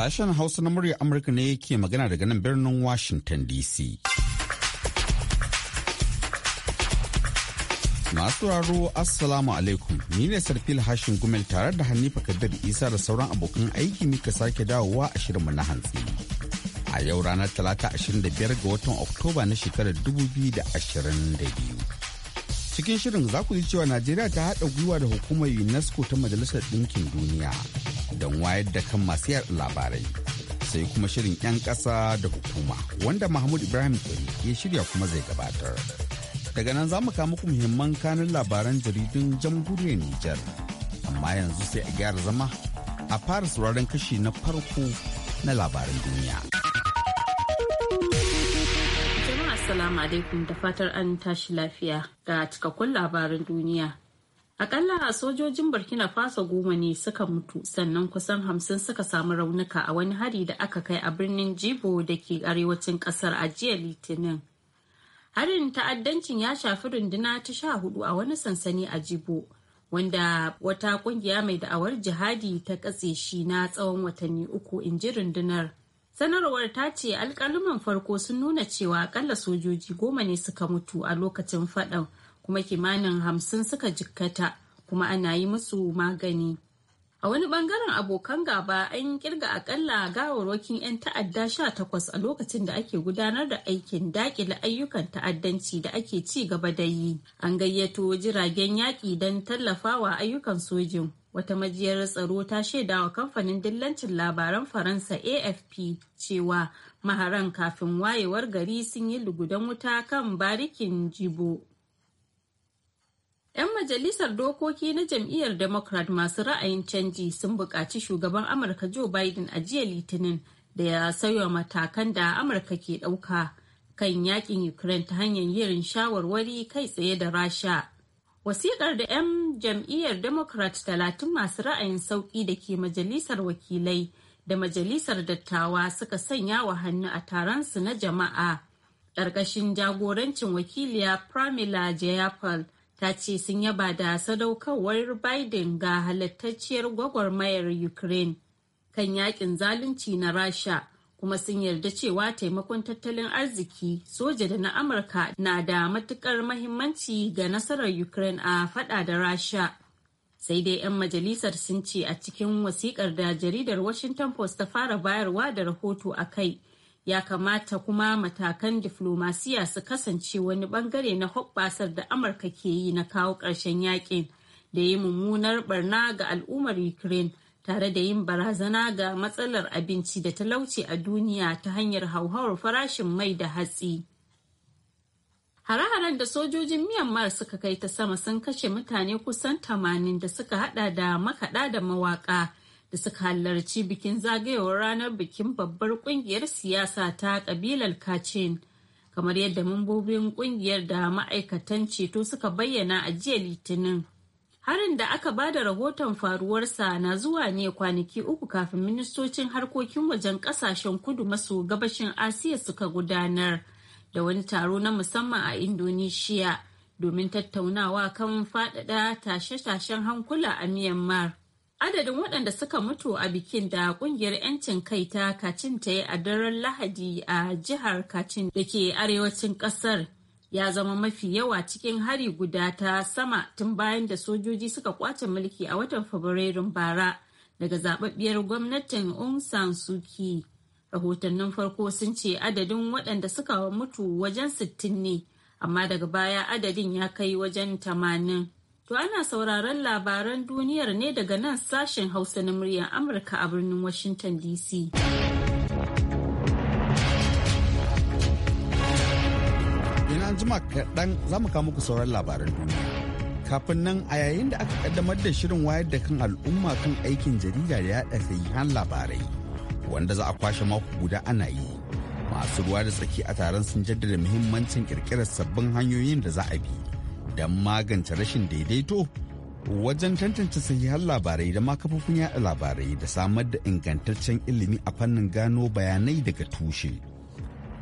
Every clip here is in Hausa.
Sashen Hausa na murya Amurka ne ke magana daga nan birnin Washington DC. Masu raro Assalamu alaikum, ni ne Sarfil Hashin Gumel tare da hannifa Kadir Isa da sauran abokan aiki muka sake dawowa a shirinmu na hantsi. A yau ranar Talata 25 ga watan Oktoba na shekarar 2022. cikin shirin za ku ji cewa najeriya ta haɗa gwiwa da hukumar unesco ta majalisar ɗinkin duniya don wayar da kan masu yaɗa labarai sai kuma shirin 'yan ƙasa da hukuma wanda mahmud ibrahim ɗari ya shirya kuma zai gabatar daga nan za mu kawo muku muhimman kanin labaran jaridun jamhuriyar nijar amma yanzu sai a gyara zama a fara sauraron kashi na farko na labaran duniya jama'a assalamu alaikum da fatar an tashi lafiya ga cikakkun labaran duniya Akalla sojojin Burkina Faso goma ne suka mutu sannan kusan hamsin suka samu raunuka a wani hari da aka kai a birnin Jibo da ke arewacin kasar a jiya Litinin. Harin ta'addancin ya shafi runduna ta sha hudu a wani sansani a Jibo, wanda wata kungiya mai da'awar jihadi ta katse shi na tsawon watanni uku in ji rundunar. Sanarwar ta ce alkaluman farko sun nuna cewa akalla sojoji goma ne suka mutu a lokacin faɗan. kuma kimanin hamsin suka jikkata kuma ana yi musu magani a wani bangaren abokan gaba an kirga akalla gawarwakin 'yan ta'adda sha takwas a lokacin da ake gudanar da aikin dakile ayyukan ta'addanci da ake ci gaba da yi an gayyato jiragen yaƙi don tallafawa ayyukan sojin wata majiyar tsaro ta shaida wa kamfanin dillancin labaran faransa afp cewa maharan kafin wayewar gari sun yi lugudan wuta kan barikin jibo 'Yan majalisar dokoki na jam'iyyar Democrat masu ra'ayin canji sun buƙaci shugaban Amurka Joe Biden a jiya Litinin da ya sauya matakan da Amurka ke ɗauka kan yakin Ukraine ta hanyar yin shawarwari kai tsaye da Rasha. Wasiƙar da 'yan jam'iyyar Democrat talatin masu ra'ayin sauƙi da ke majalisar wakilai da majalisar dattawa suka sanya wa hannu a taron su na jama'a ƙarƙashin jagorancin wakiliya Pramila Jayapal ta ce sun yaba da sadaukarwar Biden ga halittacciyar gwagwarmayar Ukraine kan yakin zalunci na Rasha kuma sun yarda cewa taimakon tattalin arziki soja da na Amurka na da matukar mahimmanci ga nasarar Ukraine a fada da Rasha. Sai dai 'yan majalisar sun ce a cikin wasikar da jaridar Washington Post ta fara bayarwa da rahoto a kai. ya kamata kuma matakan diflomasiya su kasance wani bangare na hoɓɓasar da amurka ke yi na kawo ƙarshen yakin da yi mummunar barna ga al'ummar ukraine tare da yin barazana ga matsalar abinci da talauci a duniya ta hanyar hauhawar farashin mai da hatsi hare-haren da sojojin myanmar suka kai ta sama sun kashe mutane kusan 80 da suka hada da makaɗa da mawaƙa da suka halarci bikin zagayowar ranar bikin babbar kungiyar siyasa ta kabilar kacin kamar yadda mambobin kungiyar da ma'aikatan ceto suka bayyana a jiya litinin harin da aka ba da rahoton faruwarsa na zuwa ne kwanaki uku kafin ministocin harkokin wajen kasashen kudu maso gabashin asiya suka gudanar da wani taro na musamman a indonesia domin tattaunawa kan faɗaɗa tashe-tashen hankula a myanmar adadin waɗanda suka mutu a bikin da ƙungiyar 'yancin kai ta kacin ta yi a daren lahadi a jihar kacin da ke arewacin ƙasar ya zama mafi yawa cikin hari guda ta sama tun bayan da sojoji suka kwace mulki a watan fabrairun bara daga zaɓaɓɓiyar gwamnatin Aung San Suu Rahotannin farko sun ce adadin waɗanda suka mutu wajen 60 ne, amma daga baya adadin ya kai wajen tamanin. To ana sauraron labaran duniyar ne daga nan sashen Hausa na muryar Amurka a birnin Washington DC. Ina jima kaɗan za mu kawo muku sauran labaran duniya. Kafin nan a yayin da aka kaddamar da shirin wayar da kan al'umma kan aikin jarida da yaɗa sahihan labarai wanda za a kwashe mako guda ana yi. Masu ruwa da tsaki a taron sun jaddada muhimmancin kirkirar sabbin hanyoyin da za a bi. don magance rashin daidaito wajen tantance sahihan labarai da ma kafofin yada labarai da samar da ingantaccen ilimi a fannin gano bayanai daga tushe.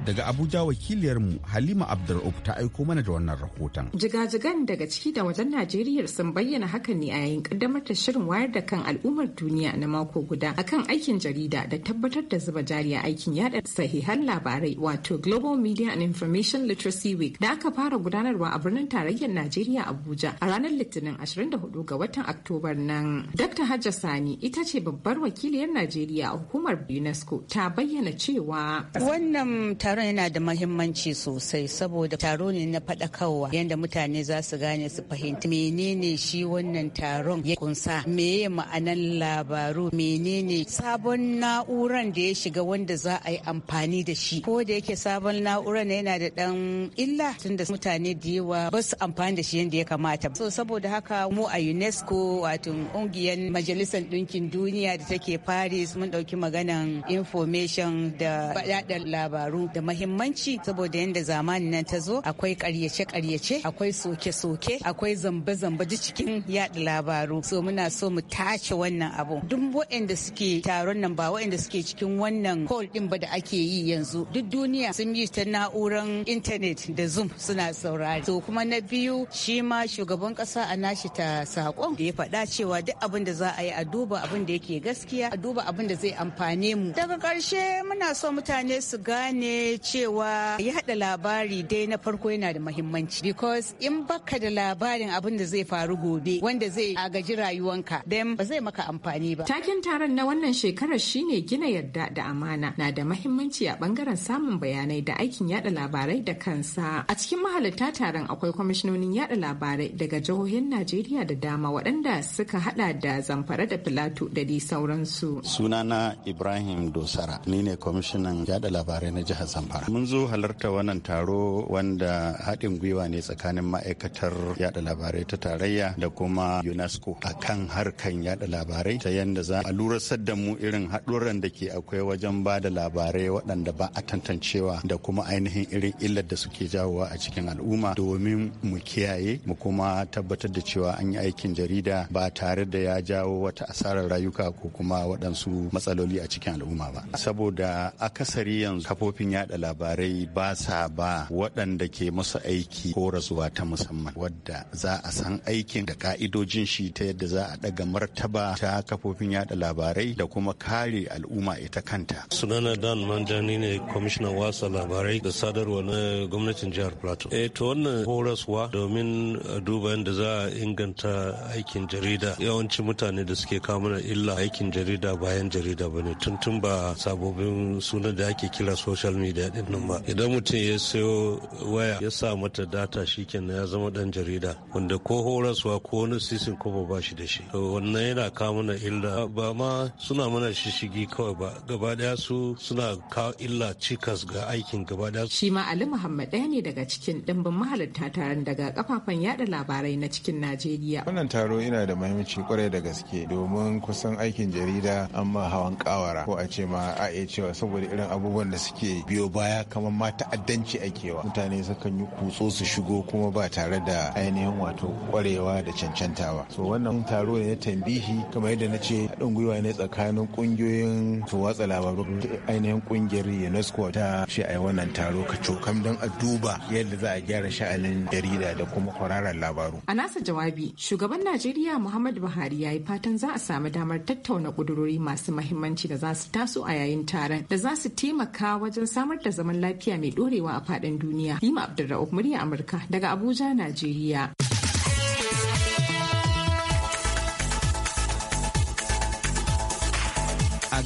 daga Abuja wakiliyarmu Halima Abdulrauf ta aiko mana da wannan rahoton. Jiga-jigan daga ciki da wajen Najeriya sun bayyana hakan ne a yayin kaddamar da shirin wayar da kan al'ummar duniya na mako guda akan aikin jarida da tabbatar da zuba jari a aikin yada sahihan labarai wato Global Media and Information Literacy Week da aka fara gudanarwa a birnin tarayyar Najeriya Abuja a ranar Litinin 24 ga watan Oktobar nan. Dr. Hajja Sani ita ce babbar wakiliyar Najeriya a hukumar UNESCO ta bayyana cewa wannan taron yana da mahimmanci sosai saboda taro ne na faɗakarwa yadda mutane za su gane su fahimci menene shi wannan taron ya kunsa meye ma'anan labaru menene sabon na'uran da ya shiga wanda za a yi amfani da shi ko da yake sabon na'uran yana da ɗan illa tun da mutane da yawa ba su amfani da shi yadda ya kamata so saboda haka mu a UNESCO wato ungiyar majalisar ɗinkin duniya da take Paris mun ɗauki maganan information da faɗaɗar labaru da mahimmanci saboda yadda zamanin nan ta zo akwai karyace-karyace akwai soke-soke akwai zamba-zamba duk cikin yaɗa labaru so muna so mu tace wannan abu duk waɗanda suke taron nan ba waɗanda suke cikin wannan hall din ba da ake yi yanzu duk duniya sun yi ta na'uran intanet da zoom suna saurari to kuma na biyu shi ma shugaban kasa a nashi ta sakon da ya faɗa cewa duk abin da za a yi a duba abin da yake gaskiya a duba abin da zai amfane mu daga karshe muna so mutane su gane cewa ya haɗa labari dai na farko yana da mahimmanci because in baka da labarin abin da zai faru gobe wanda zai agaji rayuwanka dan ba zai maka amfani ba. Takin taron na wannan shekarar shine gina yarda da amana na da mahimmanci a bangaren samun bayanai da aikin yada labarai da kansa. A cikin mahalarta taron akwai kwamishinonin yada labarai daga jihohin Najeriya da dama waɗanda suka hada da zamfara da filato da dai sauransu. Sunana Ibrahim Dosara ni ne kwamishinan yada labarai na jihar zamfara mun zo halarta wannan taro wanda haɗin gwiwa ne tsakanin ma'aikatar yada labarai ta tarayya da kuma unesco a kan harkan yada labarai ta yadda za a lura da mu irin haɗurran da ke akwai wajen ba da labarai waɗanda ba a tantancewa da kuma ainihin irin illar da suke jawowa a cikin al'umma domin mu kiyaye mu kuma tabbatar da cewa an yi aikin jarida ba tare da ya jawo wata asarar rayuka ko kuma waɗansu matsaloli a cikin al'umma ba saboda akasari yanzu kafofin yada yada labarai ba sa ba waɗanda ke musu aiki ko rasuwa ta musamman wadda za a san aikin da ka'idojin shi ta yadda za a daga martaba ta kafofin yada labarai da kuma kare al'umma ita kanta. Sunana Dan Manjani ne kwamishinan wasa labarai da sadarwa na gwamnatin jihar Plateau. E to wannan horaswa domin duba yadda za a inganta aikin jarida yawanci mutane da suke kamuna illa aikin jarida bayan jarida bane, ne tuntun ba sabobin sunan da ake kira social media. daɗin nan ba idan mutum ya sayo waya ya sa mata data shikenan ya zama dan jarida wanda ko horaswa ko wani sisin ko ba shi da shi wannan yana kawo mana illa ba ma suna mana shishigi kawai ba gaba daya su suna kawo illa cikas ga aikin gaba daya shi ma ali muhammad ɗaya ne daga cikin dimbin mahalarta taron daga kafafen yada labarai na cikin najeriya wannan taro yana da mahimmanci kwarai da gaske domin kusan aikin jarida amma hawan kawara ko a ce ma a iya cewa saboda irin abubuwan da suke biyo baya kamar ma ta'addanci a kewa. mutane sukan yi kutso su shigo kuma ba tare da ainihin wato kwarewa da cancantawa. ba so wannan taro ne na tambihi kamar yadda na ce haɗin gwiwa ne tsakanin ƙungiyoyin su watsa labaru ainihin ƙungiyar unesco ta ce a wannan taro ka cokam don a duba yadda za a gyara sha'anin jarida da kuma kwararan labaru a nasa jawabi shugaban najeriya muhammadu buhari ya yi fatan za a samu damar tattauna ƙudurori masu mahimmanci da za su taso a yayin taron da za su taimaka wajen samar samar da zaman lafiya mai dorewa a faɗin duniya. Lima Abdulra'uf murya Amurka daga Abuja, Najeriya.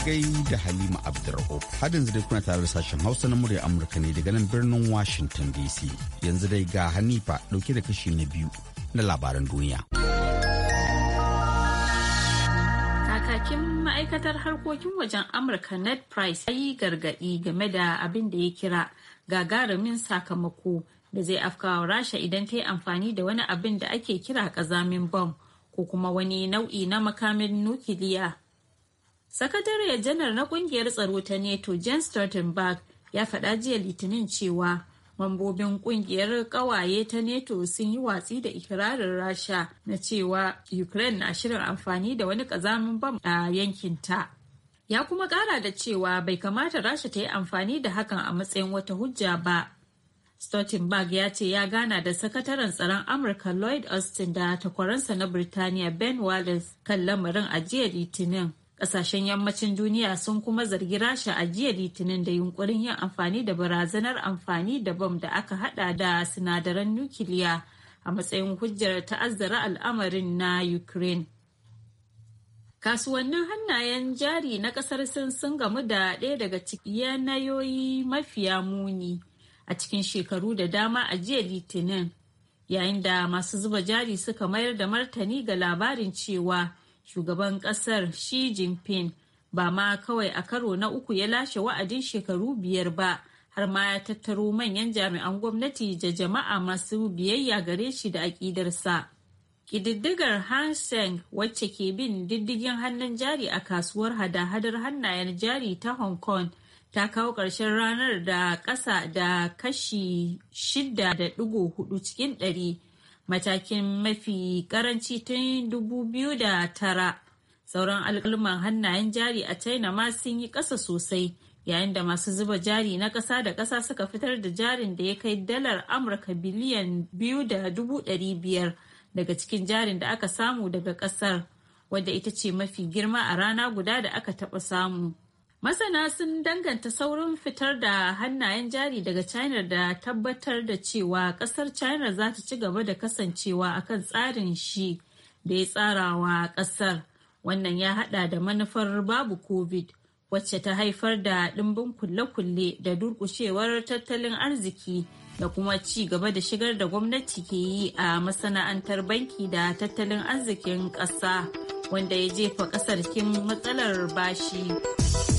gai da Halima Abdurraub. Hadin zai kuna tare da sashen Hausa na murya Amurka ne daga nan birnin Washington DC. Yanzu dai ga Hanifa dauke da kashi na biyu na labaran duniya. kakakin ma'aikatar harkokin wajen Amurka Ned Price ya yi gargaɗi game da abin da ya kira gagarumin sakamako da zai afkawa Rasha idan ta yi amfani da wani abin da ake kira ƙazamin bom ko kuma wani nau'i na makamin nukiliya. Sakatare janar na ƙungiyar tsaro ta NETO Jens Stoltenberg ya faɗa jiya Litinin cewa mambobin kungiyar kawaye ta neto sun yi watsi da ikirarin rasha na cewa ukraine na shirin amfani da wani kazamin bam a yankinta ya kuma kara da cewa bai kamata rasha ta yi amfani da hakan a matsayin wata hujja ba stoltenberg ya ce ya gana da sakataren tsaron amurka lloyd austin da takwaransa na birtaniya ben wallace kan lamarin a jiya litinin Ƙasashen yammacin duniya sun kuma zargi Rasha a jiya Litinin da yunkurin yin amfani da barazanar amfani da bam da aka hada da sinadaran nukiliya a matsayin hujjar ta'azzara al'amarin na Ukraine. Kasuwannin hannayen jari na kasar Sin sun gamu da ɗaya daga ciki yanayoyi mafiya muni a cikin shekaru da dama a jiya Litinin, yayin da masu zuba jari suka mayar da martani ga labarin cewa shugaban kasar Xi Jinping ba ma kawai a karo na uku ya lashe wa'adin shekaru biyar ba har ma ya tattaro manyan jami'an gwamnati da jama'a masu biyayya gare shi da aƙidarsa. Ƙididdigar han Seng wacce ke bin diddigin hannun jari a kasuwar hada-hadar hannayen jari ta Hong Kong ta kawo ƙarshen ranar da ƙasa da kashi 6.4 cikin ɗari. matakin mafi karanci tun 2009 sauran alkalman hannayen jari a china ma sun yi ƙasa sosai yayin da masu zuba jari na ƙasa da ƙasa suka fitar da jarin da ya kai dalar amurka biliyan biyu da dubu ɗari biyar daga cikin jarin da aka samu daga ƙasar wadda ita ce mafi girma a rana guda da aka taɓa samu Masana sun danganta saurin fitar da hannayen jari daga China da tabbatar da cewa kasar China za ta ci gaba da kasancewa akan tsarin shi da ya tsarawa kasar. Wannan ya hada da manufar babu COVID wacce ta haifar da ɗimbin kulle-kulle da durƙushewar tattalin arziki da kuma ci gaba da shigar da gwamnati ke yi a masana'antar banki da tattalin arzikin ƙasa wanda ya jefa ƙasar kin matsalar bashi.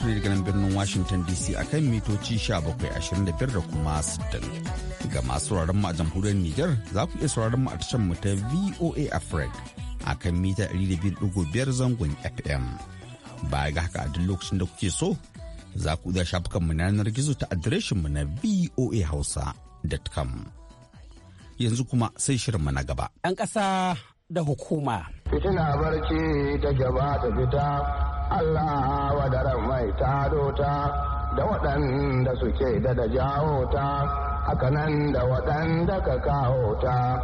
Alhassan daga nan birnin Washington DC akan mitoci 1725 da kuma 60. Ga masu sauraron mu a jamhuriyar Nijar za ku iya sauraron mu a tashar mu ta VOA Africa akan mita 200.5 zangon FM. Baya ga haka a duk lokacin da kuke so za ku iya shafukan mu na yanar gizo ta adireshin mu na voahausa.com. Yanzu kuma sai shirin mu na gaba. 'Yan ƙasa da hukuma. Fitina barci ta gaba ta fita Allah wadaran mai taro ta da waɗanda suke da da jawo ta nan da waɗanda ka kawo ta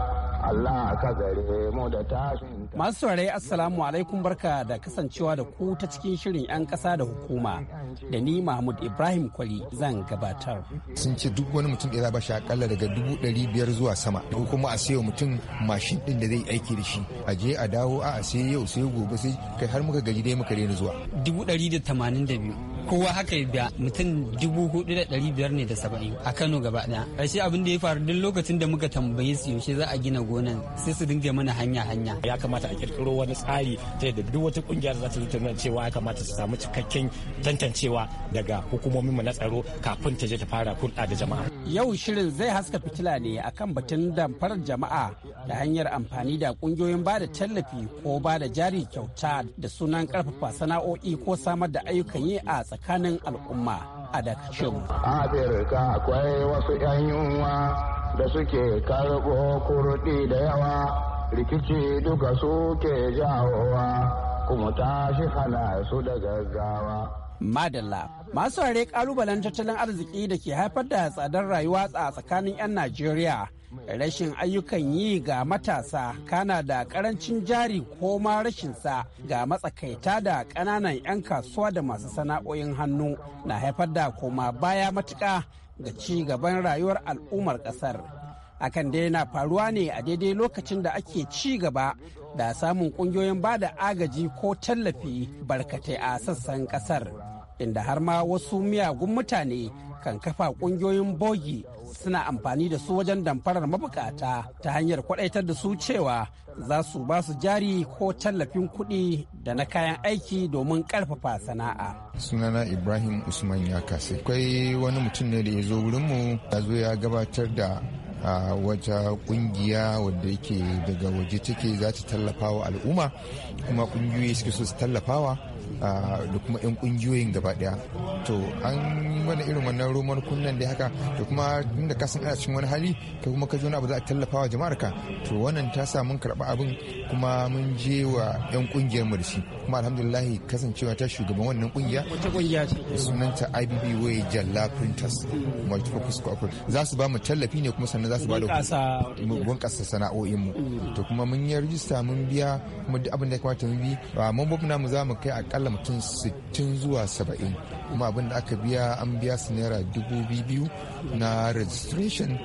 Allah ka gare mu da tashin Masu saurari Assalamu alaikum barka da kasancewa da ku ta cikin shirin 'yan kasa da hukuma da ni Mahmud Ibrahim Kwali zan gabatar. Sun ce duk wani mutum da ya ba shi akalla daga dubu ɗari biyar zuwa sama ko kuma a sayo mutum mashin ɗin da zai aiki da shi a je a dawo a sai yau sai gobe sai kai har muka gaji dai muka rena zuwa. Dubu ɗari da tamanin da biyu. kowa haka biya mutum dubu hudu da dari biyar ne da saba'in a kano gaba daya abin da ya faru duk lokacin da muka tambaye su yaushe za a gina gonan sai su dinga mana hanya hanya ya kamata a kirkiro wani tsari ta yadda duk wata kungiya za ta nuna cewa ya kamata su samu cikakken tantancewa daga hukumomin mu na tsaro kafin ta je ta fara hulɗa da jama'a yau shirin zai haska fitila ne akan batun damfarar jama'a da hanyar amfani da kungiyoyin ba da tallafi ko ba da jari kyauta da sunan karfafa sana'o'i ko samar da ayyukan yi a tsakanin al'umma a dakacin. Afirka akwai wasu 'yan yunwa da suke karɓo kurɗi da yawa rikici duka suke jawowa kuma tashi hana su da gaggawa. Madalla. Masu rare kalubalen tattalin arziki da ke haifar da tsadar rayuwa a tsakanin 'yan Najeriya rashin ayyukan yi ga matasa kana da karancin jari ko ma rashin sa ga matsakaita da ƙananan 'yan kasuwa da masu sana'o'in hannu na haifar da koma baya matuƙa ga ci gaban rayuwar al'ummar ƙasar akan dai na faruwa ne a daidai lokacin da ake ci gaba da samun ƙungiyoyin ba da agaji ko tallafi barkatai a sassan ƙasar inda har ma wasu miyagun mutane kan kafa kungiyoyin bogi suna amfani da su wajen damfarar mabukata ta hanyar kwadaitar da su cewa za su ba su jari ko tallafin kuɗi da na kayan aiki domin ƙarfafa sana'a. sunana ibrahim usman ya kase akwai wani mutum ne da ya zo wurinmu ya zo ya gabatar da a wata kungiya wadda yake daga waje take za ta tallafa wa al'umma kuma kungiyoyi suke so su tallafawa da kuma 'yan kungiyoyin gaba daya to an wani irin wannan roman kunnan da haka to kuma inda ka san ana cikin wani hali Kai kuma ka jona ba za a tallafa wa jama'ar ka to wannan ta sa mun karɓi abin kuma mun je wa 'yan kungiyar mu da shi kuma alhamdulillah kasancewa ta shugaban wannan kungiya wata kungiya ce sunanta IBB Way Jalla Printers Multifocus Cooperative za su ba mu tallafi ne kuma sannan za su ba da bunƙasa sana'o'in mu to kuma mun yi rijista mun biya kuma duk abin da ya kamata mun bi mambobin mu za mu kai a akalla mutum 60 zuwa 70 kuma abin da aka biya an biya su naira dubu biyu na registration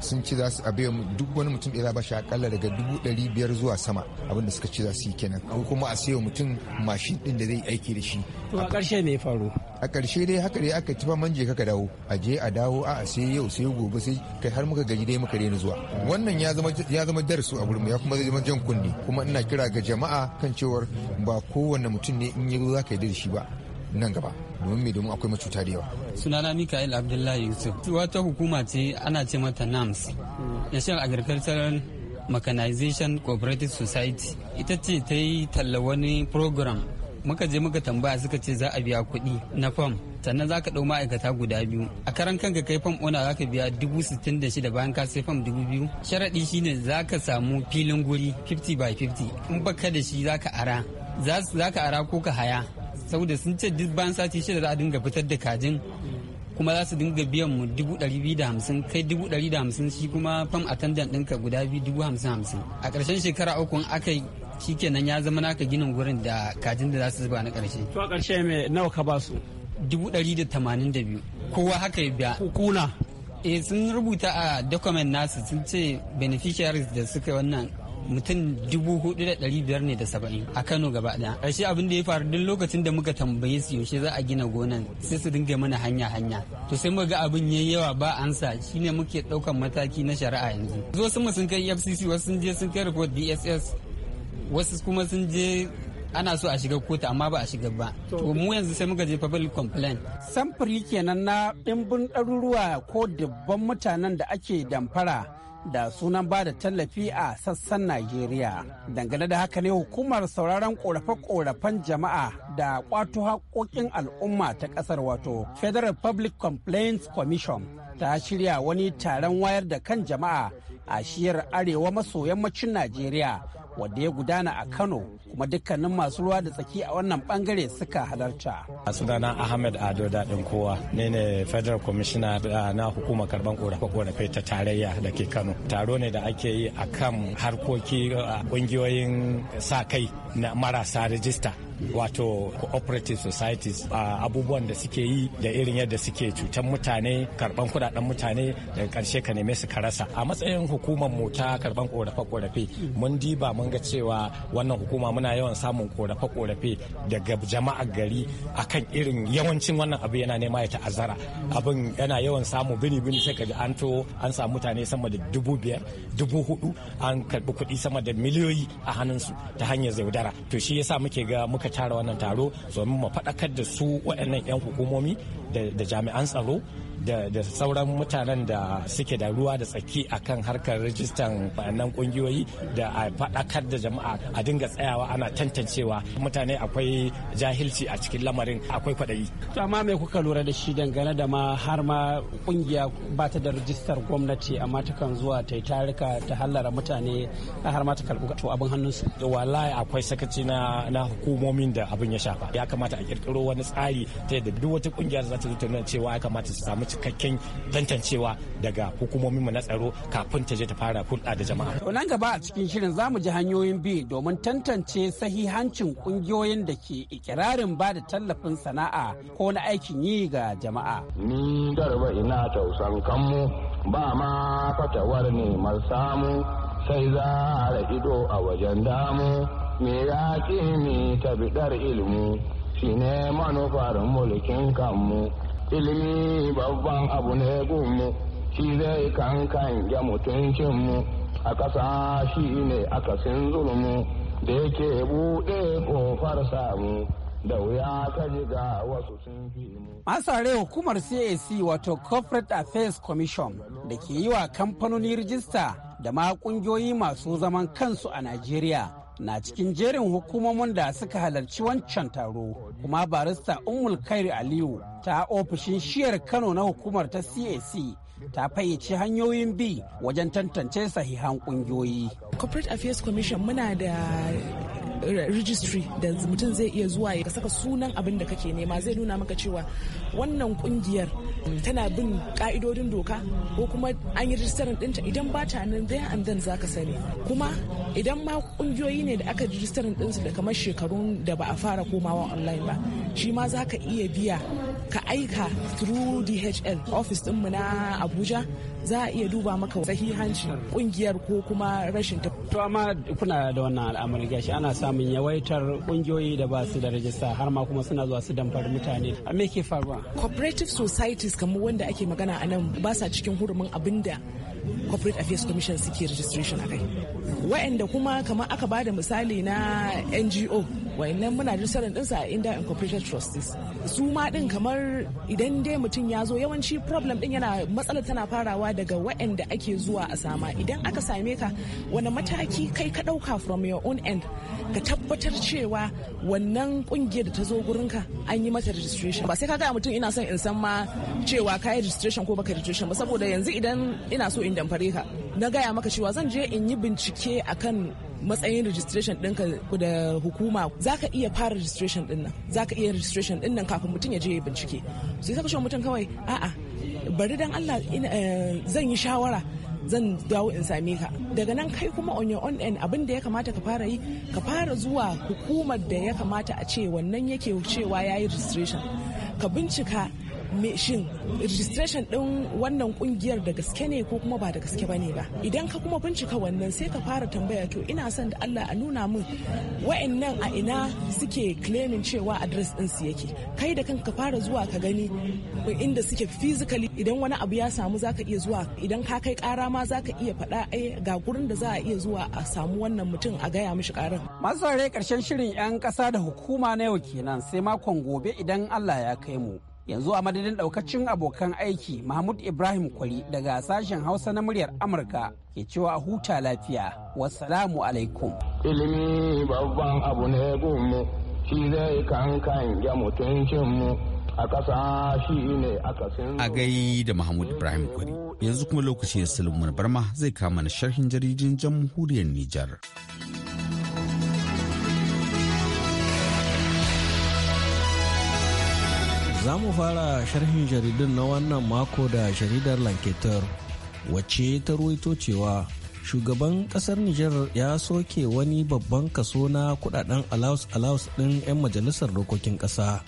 sun ci za su a duk wani mutum ɗaya ba shi akalla daga dubu biyar zuwa sama abin da suka ci za su yi kenan ko kuma a sayo mutum mashin ɗin da zai aiki da shi a ƙarshe me faru a ƙarshe dai haka dai aka tafa manje ka dawo a je a dawo a sai yau sai gobe sai kai har muka gaji dai muka daina zuwa wannan ya zama ya zama darasi a gurin ya kuma zama jan kunni kuma ina kira ga jama'a kan cewar ba kowanne mutum ne in yi zo zaka yi da shi ba nan gaba domin me domin akwai macuta da yawa. sunana mikael abdullahi yusuf wata hukuma ce ana ce mata nams national agricultural mechanization cooperative society ita ce ta yi talla wani program muka je muka tambaya suka ce za a biya kuɗi na fam sannan za ka ɗau ma'aikata guda biyu a karan kanka kai fam ona za ka biya dubu sittin da shida bayan ka sai fam dubu biyu sharaɗi shine za ka samu filin guri 50 by 50 in baka da shi za ka ara za ka ara ko ka haya saboda sun ce duk bayan sati shida za a dinga fitar da kajin kuma za su dinga biyan mu dubu ɗari biyu da hamsin kai dubu ɗari da hamsin shi kuma fam attendant ɗinka guda biyu dubu hamsin hamsin a ƙarshen shekara uku aka shikenan ya zama naka ginin gurin da kajin da za su zuba na karshe to a karshe mai nawa ka ba su dubu ɗari da tamanin da biyu kowa haka ya biya kuna eh sun rubuta a document nasu sun ce beneficiaries da suka wannan mutum dubu hudu da dari biyar ne da saba'in a kano gaba ɗaya ƙarshe abin da ya faru duk lokacin da muka tambaye su yaushe za a gina gonan sai su dinga mana hanya hanya to sai muka ga abin yayi yawa ba ansa shine muke ɗaukan mataki na shari'a yanzu wasu mu sun kai fcc wasu sun je sun kai report dss wasu kuma sun je ana so a shiga kotu amma ba a shiga ba to mu yanzu sai muka je public complaint samfuri kenan na ɗimbin ɗaruruwa ko dubban mutanen da ake damfara da sunan ba da tallafi a sassan Najeriya. Dangane da haka ne hukumar sauraron korafe-korafen jama'a da kwato haƙoƙin al'umma ta ƙasar wato Federal Public Complaints Commission ta shirya wani taron wayar da kan jama'a a shiyar arewa maso yammacin Najeriya wadda ya gudana a Kano kuma dukkanin masu ruwa da tsaki a wannan bangare suka halarta. Sunana Ahmed Ado Daɗin Kowa ne ne Federal Commissioner na hukumar karban korafe ta tarayya da ke Kano. Taro ne da ake yi a kan harkoki a ƙungiyoyin sa kai na marasa rijista wato cooperative societies abubuwan da suke yi da irin yadda suke cutan mutane karban kudaden mutane da karshe ka neme su ka rasa a matsayin hukumar mu karban korafe korafe mun diba mun ga cewa wannan hukuma muna yawan samun korafe korafe daga jama'a gari akan irin yawancin wannan abu yana nema ya ta'azzara abin yana yawan samu bini bini sai ka ji an to an samu mutane sama da dubu biyar dubu hudu an karbi kuɗi sama da miliyoyi a hannun su ta hanyar zaudara to shi yasa muke ga muka tara wannan taro domin mu faɗakar da su waɗannan 'yan hukumomi da jami'an tsaro da sauran mutanen da suke da ruwa da tsaki akan harkar rijistan bayanan kungiyoyi da a faɗakar da jama'a a dinga tsayawa ana tantancewa mutane akwai jahilci a cikin lamarin akwai kwaɗayi. amma mai kuka lura da shi dangane da ma har ma kungiya ba ta da rijistar gwamnati amma ta kan zuwa ta yi tarika ta hallara mutane har ma ta karɓi to abin hannunsu. wallahi akwai sakaci na hukumomin da abin ya shafa ya kamata a ƙirƙiro wani tsari ta yadda duk wata kungiyar za ta zo ta cewa ya kamata su samu cikakken tantancewa daga hukumomin mu na tsaro kafin ta je ta fara hulɗa da jama'a. To nan gaba a cikin shirin za mu ji hanyoyin bi domin tantance sahihancin kungiyoyin da ke ikirarin ba da tallafin sana'a ko na aikin yi ga jama'a. Ni garba ina tausan kanmu ba ma fatawar ne mar samu sai za a ido a wajen damu me ya ce ni tabidar ilmu shi ne manufarin mulkin kanmu ilimi babban abu ne gunmu shi zai kankan ya mutuncinmu a ƙasa shi ne akasin zulmu da yake buɗe ƙofar samu da wuya ta jiga wasu sun fi mu. Masare hukumar CAC wato Corporate Affairs Commission da ke yi wa kamfanoni rijista da ma ƙungiyoyi masu zaman kansu a Najeriya. na cikin jerin hukumomin da suka halarci wancan taro kuma barista umul kairi aliyu ta ofishin shiyar kano na hukumar ta cac ta fayyace hanyoyin bi wajen tantance sahihan kungiyoyi. Corporate Affairs Commission muna da registry da mutum zai iya zuwa ya saka sunan abin da kake nema zai nuna maka cewa wannan kungiyar tana bin ka'idodin doka ko kuma an yi rijistarin dinta idan ba ta nan zai and dan za sani kuma idan ma kungiyoyi ne da aka rijistarin dinsu da kamar shekarun da ba a fara komawa online ba shi ma za iya biya ka aika through DHL office mu na Abuja za a iya duba maka sahihancin kungiyar ko kuma rashin ta. To amma kuna da wannan al'amari gashi ana samun yawaitar kungiyoyi da ba su da rajista har ma kuma suna zuwa su damfar mutane. Me ke faruwa? Cooperative societies kamar wanda ake magana a nan ba sa cikin hurumin abin da corporate affairs commission suke registration a kai wa'anda kuma kamar aka ba da misali na ngo wa'annan muna registrar ɗinsa a inda incorporated trustees su ma ɗin kamar idan dai mutum ya zo yawanci problem ɗin yana matsalar tana farawa daga waɗanda ake zuwa a sama idan aka same ka wani mataki kai ka ɗauka from your own end ka tabbatar cewa wannan ƙungiyar da ta zo gurinka an yi mata registration ba sai ka gaya mutum ina son in san ma cewa ka yi registration ko baka registration ba saboda yanzu idan ina so in damfare ka na gaya maka cewa zan je in yi bincike akan matsayin registration ɗinka da hukuma za ka iya fara registration ɗin nan za ka iya registration ɗin nan kafin mutum ya je ya bincike sai kashe mutum kawai a'a bari dan Allah eh, zan yi shawara zan dawo in same ka daga nan kai kuma on your own abin da ya kamata ka fara yi ka fara zuwa hukumar da ya kamata a ce wannan yake cewa ya yi registration ka bincika shin registration din wannan kungiyar da gaske ne ko kuma ba da gaske ne ba idan ka kuma bincika wannan sai ka fara tambaya to ina son da Allah a nuna min wa'annan a ina suke claiming cewa address din su yake kai da kanka fara zuwa ka gani inda suke physically idan wani abu ya samu zaka iya zuwa idan ka kai kara ma zaka iya faɗa ai eh, ga gurin da za a iya zuwa a samu wannan mutum a gaya mishi karar masu karshen shirin 'yan kasa da hukuma na yau kenan sai makon gobe idan Allah ya kai mu yanzu a madadin daukacin abokan aiki mahmud ibrahim kwari daga sashen hausa na muryar amurka ke cewa huta lafiya wasalamu alaikum ilimi babban abu ne gumu shi zai kankan ya mutuncinmu a ƙasa shi ne akasin a gai da mahmud ibrahim kwari yanzu kuma lokacin ya salimu barma zai kama na sharhin jaridin jamhuriyar nijar Za mu fara sharhin jaridun na wannan mako da jaridar lanketar wacce ta ruwaito cewa shugaban kasar Nijar ya soke wani babban kaso na kudaden alaus-alaus ɗin 'yan majalisar dokokin ƙasa.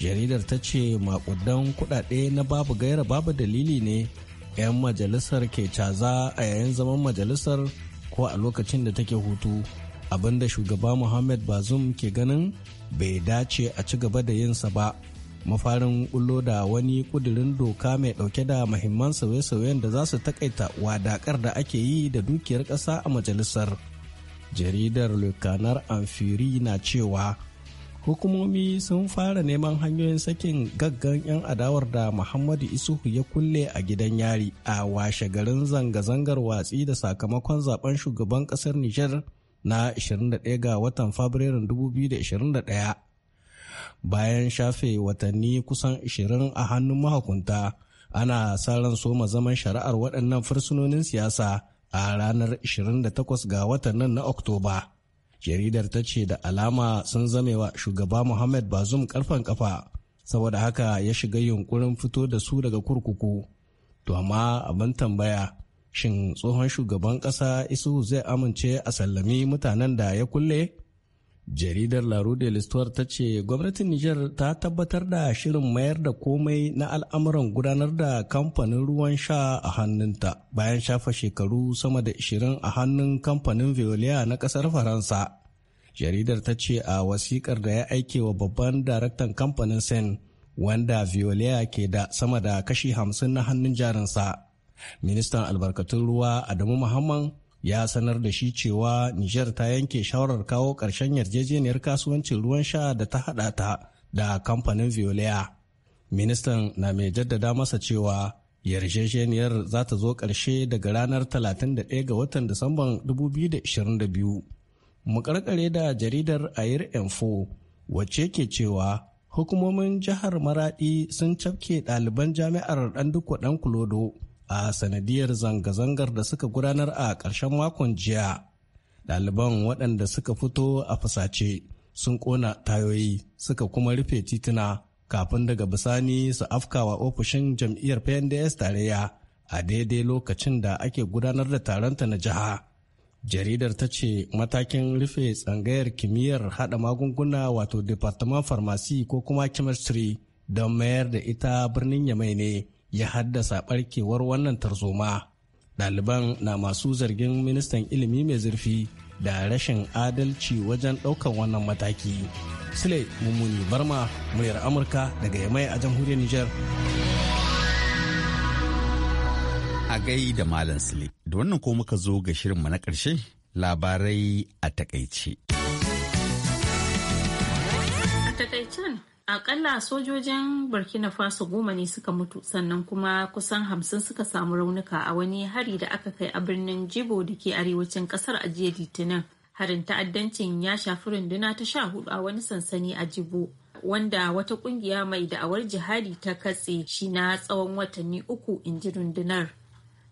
Jaridar ta ce makudan kudade na babu gaira babu dalili ne 'yan majalisar ke caza a yayin zaman majalisar ko a lokacin da take hutu abinda shugaba Muhammad Bazum ke ganin bai dace a ci gaba da yinsa ba mafarin ullo da wani kudirin doka mai dauke da mahimman sauye-sauyen da za su takaita wadakar da ake yi da dukiyar ƙasa a majalisar jaridar lukanar amfiri na cewa hukumomi sun fara neman hanyoyin sakin gaggan 'yan adawar da muhammadu isuhu ya kulle a gidan yari a washe garin zanga-zangar watsi da sakamakon zaben shugaban kasar niger na 21 ga watan fabrairun 2021 bayan shafe watanni kusan 20 a hannun mahakunta ana ran soma zaman shari'ar waɗannan fursunonin siyasa a ranar 28 ga watan nan na oktoba jaridar ta ce da alama sun zamewa shugaba muhammad bazum karfan kafa saboda haka ya shiga yunkurin fito da su daga kurkuku to amma abin tambaya shin tsohon shugaban ƙasa isu zai amince a sallami mutanen da ya kulle jaridar la rue de l'histoire ta ce gwamnatin nijar ta tabbatar da shirin mayar da komai na al'amuran gudanar da kamfanin ruwan sha a hannunta bayan shafa shekaru sama da 20 a hannun kamfanin veolia na kasar faransa jaridar ta ce a wasikar da ya aike wa babban daraktan kamfanin sen wanda veolia ke da sama da kashi 50 na hannun jarinsa ministan albarkatun ruwa adamu muhammad ya sanar da shi cewa Nijar ta yanke shawarar kawo ƙarshen yarjejeniyar kasuwancin ruwan sha da ta haɗa ta da kamfanin Veolia. Ministan na mai jaddada masa cewa yarjejeniyar za ta zo ƙarshe daga ranar 31 ga watan Disamban 2022. Makarkare da jaridar Air Info wacce ke cewa hukumomin jihar Maradi sun cafke ɗaliban jami'ar Ɗan Kulodo a sanadiyar zanga-zangar da suka gudanar a ƙarshen makon jiya ɗaliban waɗanda suka fito a fasace sun ƙona tayoyi suka kuma rufe tituna kafin daga bisani su afkawa ofishin jam'iyyar pnds tarayya a daidai lokacin da ake gudanar da taronta na jiha jaridar ta ce matakin rufe tsangayar kimiyyar haɗa magunguna wato department pharmacy ko kuma chemistry don mayar da ita birnin yamai ne ya haddasa barkewar wannan tarzoma ɗaliban na masu zargin ministan ilimi mai zurfi da rashin adalci wajen ɗaukar wannan mataki sule mummuni barma muryar amurka daga yamai a jamhuriyar nijar. a gai da malam sule da wannan ko muka zo ga shirinmu na karshe labarai a takaice. akalla sojojin burkina faso goma ne suka mutu sannan kuma kusan hamsin suka samu raunuka a wani hari da aka kai a birnin jibo da ke arewacin kasar a jiya litinin harin ta'addancin ya shafi runduna ta sha hudu a wani sansani a jibo wanda wata kungiya mai da'awar jihadi ta katse shi na tsawon watanni uku in ji rundunar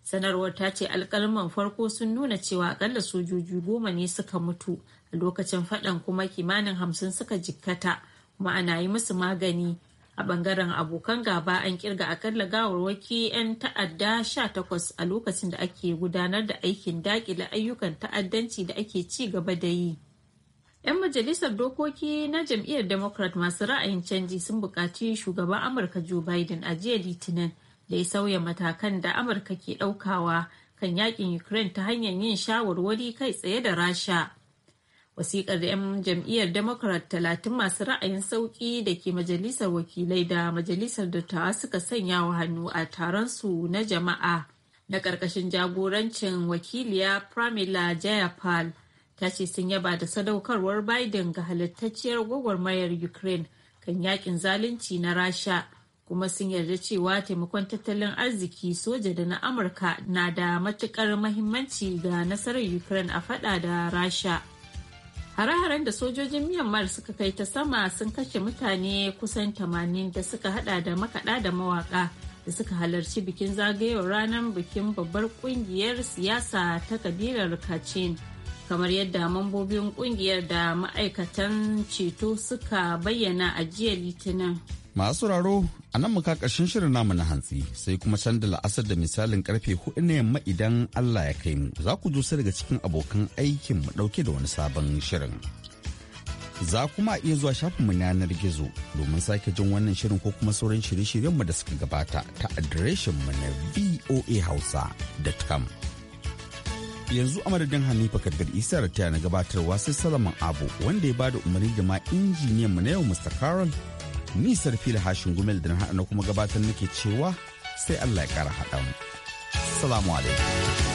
sanarwar ta ce alkalman farko sun nuna cewa akalla sojoji goma ne suka mutu a lokacin faɗan kuma kimanin hamsin suka jikkata ma'ana yi musu magani a bangaren abokan gaba an kirga akalla gawarwaki 'yan ta'adda 18 a lokacin da ake gudanar da aikin dakile ayyukan ta'addanci da ake ci gaba da yi. 'Yan majalisar dokoki na jam'iyyar Democrat masu ra'ayin canji sun buƙaci shugaban Amurka Joe Biden a jiya Litinin da ya sauya matakan da Amurka ke ɗaukawa kan yakin Ukraine ta hanyar yin shawarwari kai tsaye da Rasha. wasikar da 'yan jam'iyyar democrat talatin masu ra'ayin sauki da ke majalisar wakilai da majalisar dattawa suka sanya wa hannu a taron su na jama'a na ƙarƙashin jagorancin wakiliya pramila jayapal ta ce sun yaba da sadaukarwar biden ga halittacciyar gwagwarmayar ukraine kan yakin zalunci na rasha kuma sun yarda cewa taimakon tattalin arziki soja da na amurka na da matukar mahimmanci ga nasarar ukraine a fada da rasha Hare-haren da sojojin Myanmar suka kai ta sama sun kashe mutane kusan 80 da suka hada da makada da mawaka da suka halarci bikin zagayowar ranar bikin babbar kungiyar siyasa ta kabilar Kachin. Kamar yadda mambobin kungiyar da ma'aikatan ceto suka bayyana a jiya Litinin. Masu sauraro a nan muka ƙarshen shirin namu na hantsi sai kuma can da la'asar da misalin karfe hudu na yamma idan Allah ya kai mu za ku dusa daga cikin abokan aikin mu ɗauke da wani sabon shirin. Za kuma iya zuwa shafinmu na yanar gizo domin sake jin wannan shirin ko kuma sauran shirye-shiryenmu da suka gabata ta mu na voahausa.com. yanzu a madadin Hanifa Kabir Isa da ta na gabatarwa sai Salaman Abu wanda ya bada umarni da ma injiniyan mu na yau Mr. Carol nisar da hashin gumel da na kuma gabatar nake cewa sai allah ya kara haɗa mu salamu alaikum